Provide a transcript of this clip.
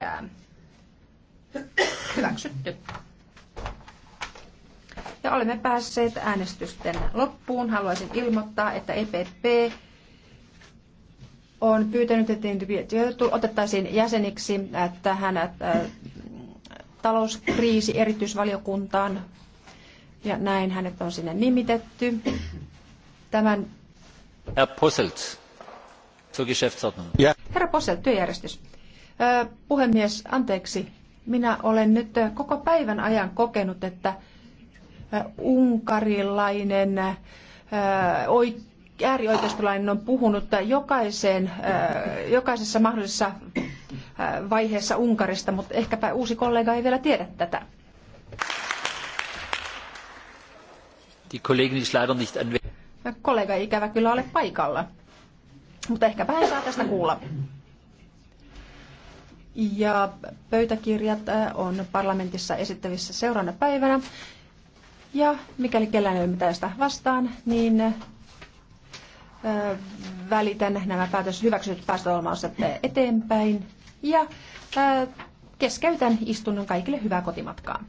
tyhjää. Hyväksytty. Ja olemme päässeet äänestysten loppuun. Haluaisin ilmoittaa, että EPP on pyytänyt, että otettaisiin jäseniksi tähän talouskriisi erityisvaliokuntaan. Ja näin hänet on sinne nimitetty. Tämän... Herr Posselt, Herra Posselt, työjärjestys. Puhemies, anteeksi. Minä olen nyt koko päivän ajan kokenut, että unkarilainen äärioikeistolainen on puhunut jokaiseen, jokaisessa mahdollisessa vaiheessa Unkarista, mutta ehkäpä uusi kollega ei vielä tiedä tätä. Kollega ei ikävä kyllä ole paikalla, mutta ehkäpä hän saa tästä kuulla ja pöytäkirjat äh, on parlamentissa esittävissä seuraavana päivänä. Ja mikäli kellään ei ole mitään sitä vastaan, niin äh, välitän nämä päätös hyväksytyt päästöolmaukset eteenpäin ja äh, keskeytän istunnon kaikille hyvää kotimatkaa.